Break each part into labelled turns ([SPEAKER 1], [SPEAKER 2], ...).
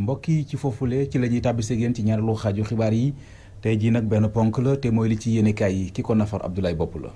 [SPEAKER 1] mbokk yi ci foofule ci la ñuy tàbbisee yéen ci ñaareelu xaaju xibaar yi tey jii nag benn ponk la te mooy li ci yéenekaay yi ki ko nafar Abdoulaye Bopp la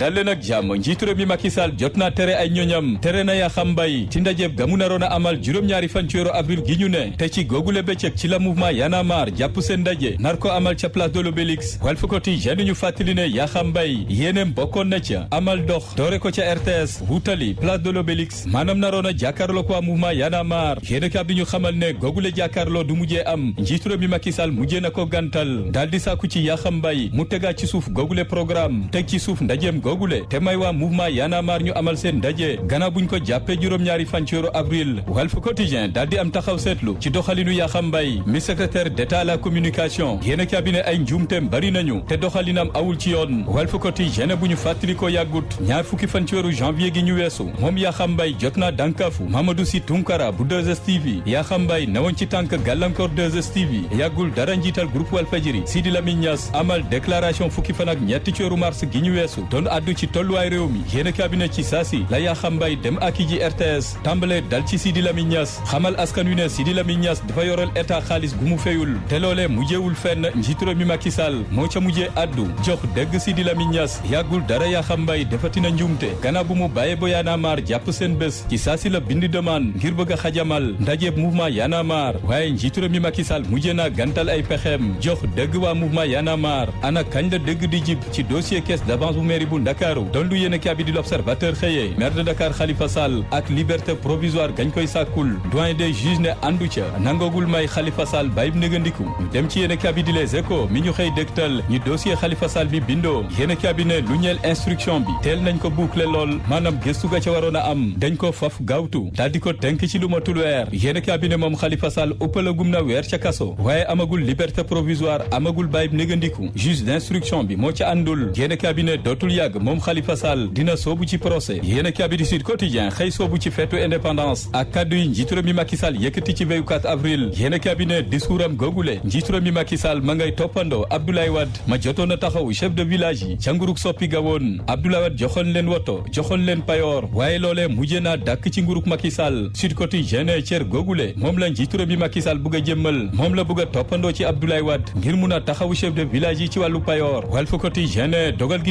[SPEAKER 1] dalle nag jàmm njiitu réew mi Macky Sall jot na tere ay ñoñam tere na Yaxam Mbaye ci ndajeb gamu naroon a amal juróom-ñaari fan ci weeru avril gi ñu ne te ci googule bëccëg ci la mouvement Y en a marre jàpp seen ndaje nar ko amal ca place de l'Obélisque Walf Quotidien ñu fàttali ne Yaxam Mbaye yéeneem bokkoon na ca amal dox doore ko ca RTS wutali place de l'Obélisque maanaam naroon a jàkkaarloo ko waa mouvement Y en a marre yéene kab ñu xamal ne googule jàkkaarloo du mujjee am njiitu réew mi Macky Sall mujjee na ko gàntal daal di sàkku ci Yaxam Mbaye mu tegaat ci suuf googule programme teg ci suuf ndajeem googule te may waa mouvement Y'en a marre ñu amal seen ndaje gannaaw buñ ko jàppee juróom-ñaari fan ci weeru avril Walf Quotidien di am taxaw seetlu ci doxalinu Yakham Mbaye mi secrétaire d'état à la communication yéen a cabinet ay njuumteem bari nañu te doxalinam awul ci yoon Walf Quotidien bu ñu fàttali ko yàggut ñaar fukki fan ci weeru janvier gi ñu weesu moom Yakham Mbaye jot naa dànkaafu Mamadou Sy Tounkara bu 2STV Yakham Mbaye newoon ci tànk gàllankoor 2STV yàggul dara njiital groupe Walfadjri Sidi Lamine Niass amal déclaration fukki fan ak ñetti ci weeru gi ñu weesu addu ci tolluwaay réew mi yéen cabinet ci saasi la yaa xam mbay dem ak ji RTS tàmbale dal ci Sidi Lamine Niass xamal askan wi ne Sidi Lamine Niass dafa yoral état xaalis gu mu feyul te loolee mujjeewul fenn njiitu réew mi Macky Sall moo ca mujjee addu jox dëgg Sidi Lamine Niass yàggul dara yaa xam mbay defatina njuumte gannaaw bu mu bàyyee ba yaanaamaar jàpp seen bés ci saasi la bind demande ngir bëgg a xajamal ndajeeb mouvement yaanaamaar waaye njiitu réew mi Macky Sall mujjee naa gantal ay pexeem jox dëgg waa mouvement yaanaamaar ana kañ la dëgg di jib ci dossier caisse d'avance bu mairie Ndakaaru doon lu yéen a kaabi di l'observateur xëyee maire Dakar Khalifa Sall ak liberté provisoire gañ koy sàkkul doyen des juges ne andu ca nangagul may xalifa Khalifa Sall bàyyib négandiku ñu dem ci yéen a kaabi di les échos mi ñu xëy dégtal ñu dossier Khalifa Sall bi bindoo yéen a kaabi ne lu ñeel instruction bi teel nañ ko boucler lool maanaam gëstu ga ca waroon a am dañ ko faf gaawtu daal di ko tënk ci lu matul weer yéen a kaabi ne moom xalifa Sall ëppalagum na weer ca kaso waaye amagul liberté provisoire amagul bàyyib négandiku juge d'instruction bi moo ca àndul yéen a kaabi dootul yàgg moom Khalifa Sall dina soobu ci procès yéen a kabbidi Sud Quotidien xëy soobu ci feetu indépendance ak kaddu yi njiitu réew mi Macky Sall yëkkati ci veyu 4 avril yéen a kabbine discours am googule njiitu réew mi Macky ma ngay toppandoo Abdoulaye Wade ma jotoon a taxaw chef de village yi ca nguruk soppi gawoon Abdoulaye Wade joxoon leen woto joxoon leen payoor waaye loolee mujjee naa dàkk ci nguruk Macky Sall Sud Quotidien ne cër googule moom la njiitu réew mi Macky Sall bëgg a jëmmal moom la bëgg a toppandoo ci Abdoulaye Wade ngir mun a taxaw chef de village yi ci wàllu payoor Walf Quotidien ne dogal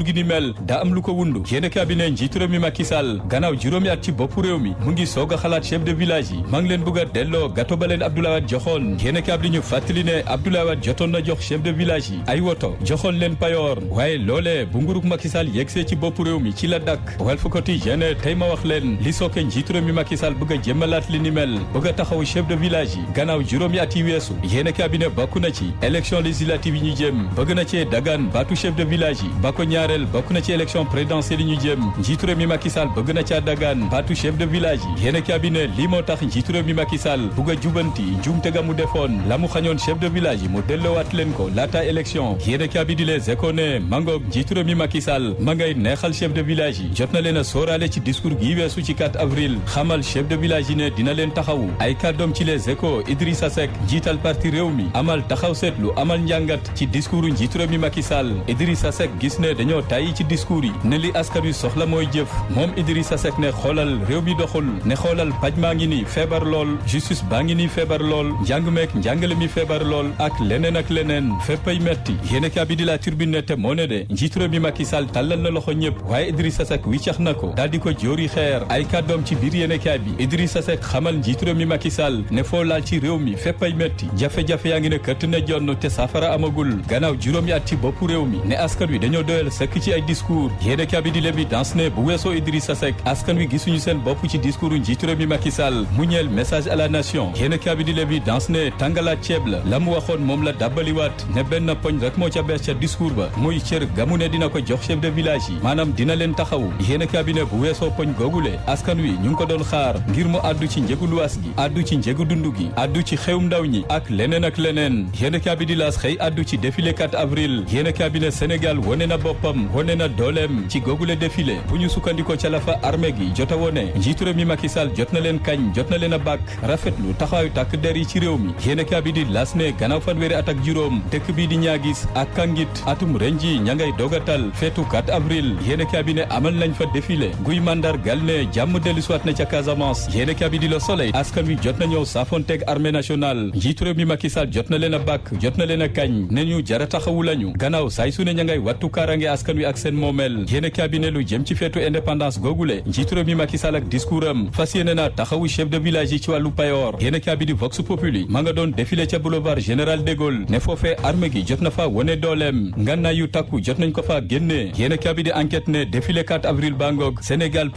[SPEAKER 1] nguur gi ni mel daa am lu ko wundu yéene cabinet njiitu réew mi Macky Sall gannaaw at ci boppu réew mi mu ngi soog xalaat chef de village yi maa leen bëgg a delloo gâteau ba leen Abdoulaye Wade joxoon yéene kaab li ñu fàttali ne Abdoulaye Wade jotoon na jox chef de village yi ay woto joxoon leen payoor waaye loolee bu nguurug Macky yegsee ci boppu réew mi ci la dakk Walf Quotidien tey ma wax leen li sooke njiitu réew mi Macky Sall bëgg a jëmmalaat li ni mel bëgg a chef de village yi gannaaw juróomi at yi weesu yéene cabinet bokk na ci élection législative de village yi ñaareel bokk na ci élection présidentielle yi ñu jëm njiitu mi Macky bëgg na caa dagaan baatu chef de village yi yéen a cabinet lii moo tax njiitu mi Macky Sall bugg a jubanti njuumte ga mu defoon la mu xañoon chef de village yi mu delloowaat leen ko laata élection yéen a cabinet les économes mangoog njiitu mi Macky ma ngay neexal chef de village yi jot na leen a sóoraale ci discours gi weesu ci 4 avril xamal chef de village yi ne dina leen taxawu ko tàyyi ci discours yi ne li askan wi soxla mooy jëf moom Idrissa Seck ne xoolal réew mi doxul ne xoolal paj maa ngi nii feebar lool justice baa ngi nii feebar lool njàng meek njàngale mi feebar lool ak leneen ak leneen ay metti yéene kaa bi di la turbine te moo ne de njiitu réew mi Macky Sall tàllal na loxo ñëpp waaye Idrissa Seck wiccax na ko daal di ko jóori xeer ay kàddoom ci biir yéene kaa bi Idrissa Seck xamal njiitu réew mi Macky Sall ne foo laal ci réew mi féppay metti jafe-jafe yaa ngi ne këtt ne jonn te saafara amagul gannaaw juróomi at ci boppu réew mi nekk ci ay discours yéen a kabi di l'évidence ne bu weesoo Idrissa Seck askan wi gisuñu seen bopp ci discours njiitu réew mi Macky Sall mu ñeel message à la nation yéen a kabi di l'évidence tàngalaat ceeb la la mu waxoon moom la dabbaliwaat ne benn poñ rek moo ca bees ca discours ba muy cër gamu ne dina ko jox chef de village yi maanaam dina leen taxaw yéen a bu weesoo poñ googule askan wi ñu ngi ko doon xaar ngir mu addu ci njëgu luwaas gi addu ci njëgu dund gi addu ci ndaw ñi ak leneen ak leneen yéen a kabi di laas xëy addu ci défilé 4 avril yéen a kabi ne Sénégal wone na boppam moom wone na dooleem ci googule défilé bu ñu sukkandikoo ca la fa armée gi jota wone njiitu réew mi Macky Sall jot na leen kañ jot na leen a bàkk rafetlu taxawaayu tàkk der yi ci réew mi yéene kaa bi di las ne gannaaw fanweeri at ak juróom dëkk bi di ñaagis ak kangit atum ren ji ña ngay dogatal feetu 4 avril yéene kaa bi ne amal nañ fa défilé guy mandar gal ne jàmm dellusiwaat na ca Casamance yéene kaa bi di Le Soleil askan wi jot na ñëw safonteeg armée nationale njiitu réew mi Macky Sall jot na leen a bàkk jot na leen a kañ ne ñu jara taxawu lañu gannaaw saay su ne ña ngay wattu kaaraange askan wi ak seen moomel yéene cabinet lu jëm ci feetu indépendance googule njiitu réew mi Macky ak discours fas yéene na taxawu chef de village yi ci wàllu payoor yéene cabinet Vox Populi ma nga doon défilé ca boulevard général de Gaulle ne foofee arme gi jot na fa wone dooleem ngànnaay yu takku jot nañ ko fa génne yéene cabinet enquête ne défilé 4 avril bangog Sénégal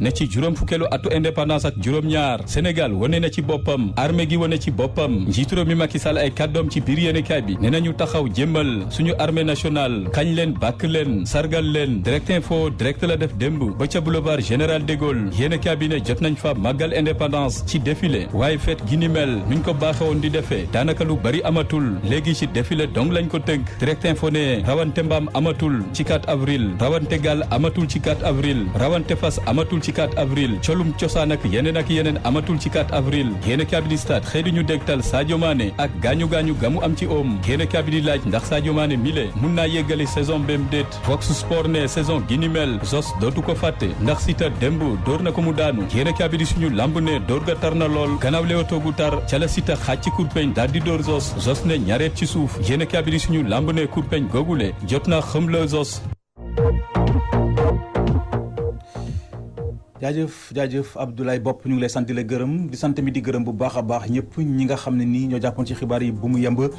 [SPEAKER 1] ne ci juróom fukkeelu atu indépendance ak juróom-ñaar Sénégal wone na ci boppam ci boppam njiitu réew mi Macky Sall ay kàddoom ci biir yéene leen bàkk leen sargal leen direct info direct la def démb ba ca boulevard général de Gaulle yéen cabinet jot nañ fa màggal indépendance ci défilé waaye fête gi ni mel nuñ ko baaxewoon di defee daanaka lu bari amatul léegi ci défilé dong lañ ko tënk direct info ne rawante mbaam amatul ci avril rawante gaal amatul ci avril rawante fas amatul ci avril colum cosaan ak yeneen ak yeneen amatul ci avril yéen cabinet stade xëy ñu dégtal Sadio ak gaañu gaañu tombéem déet Vox Sport ne saison gi ni mel Zos dootu ko fàtte ndax Siteu démb dóor na ko mu daanu yéen a kaabi di suñu lamb ne dóor ga na lool gannaaw leewtoo gu tar ca la Siteu xàcc kurpeñ daal di dóor Zos Zos ne ñareet ci suuf yéen a kaabi di suñu lamb ne kurpeñ googule jot na xëm la Zos. jaajëf jaajëf Abdoulaye Bopp ñu ngi lay sant di la gërëm di sant mi di gërëm bu baax a baax ñëpp ñi nga xam ne nii ñoo jàppoon ci xibaar yi bu mu yemb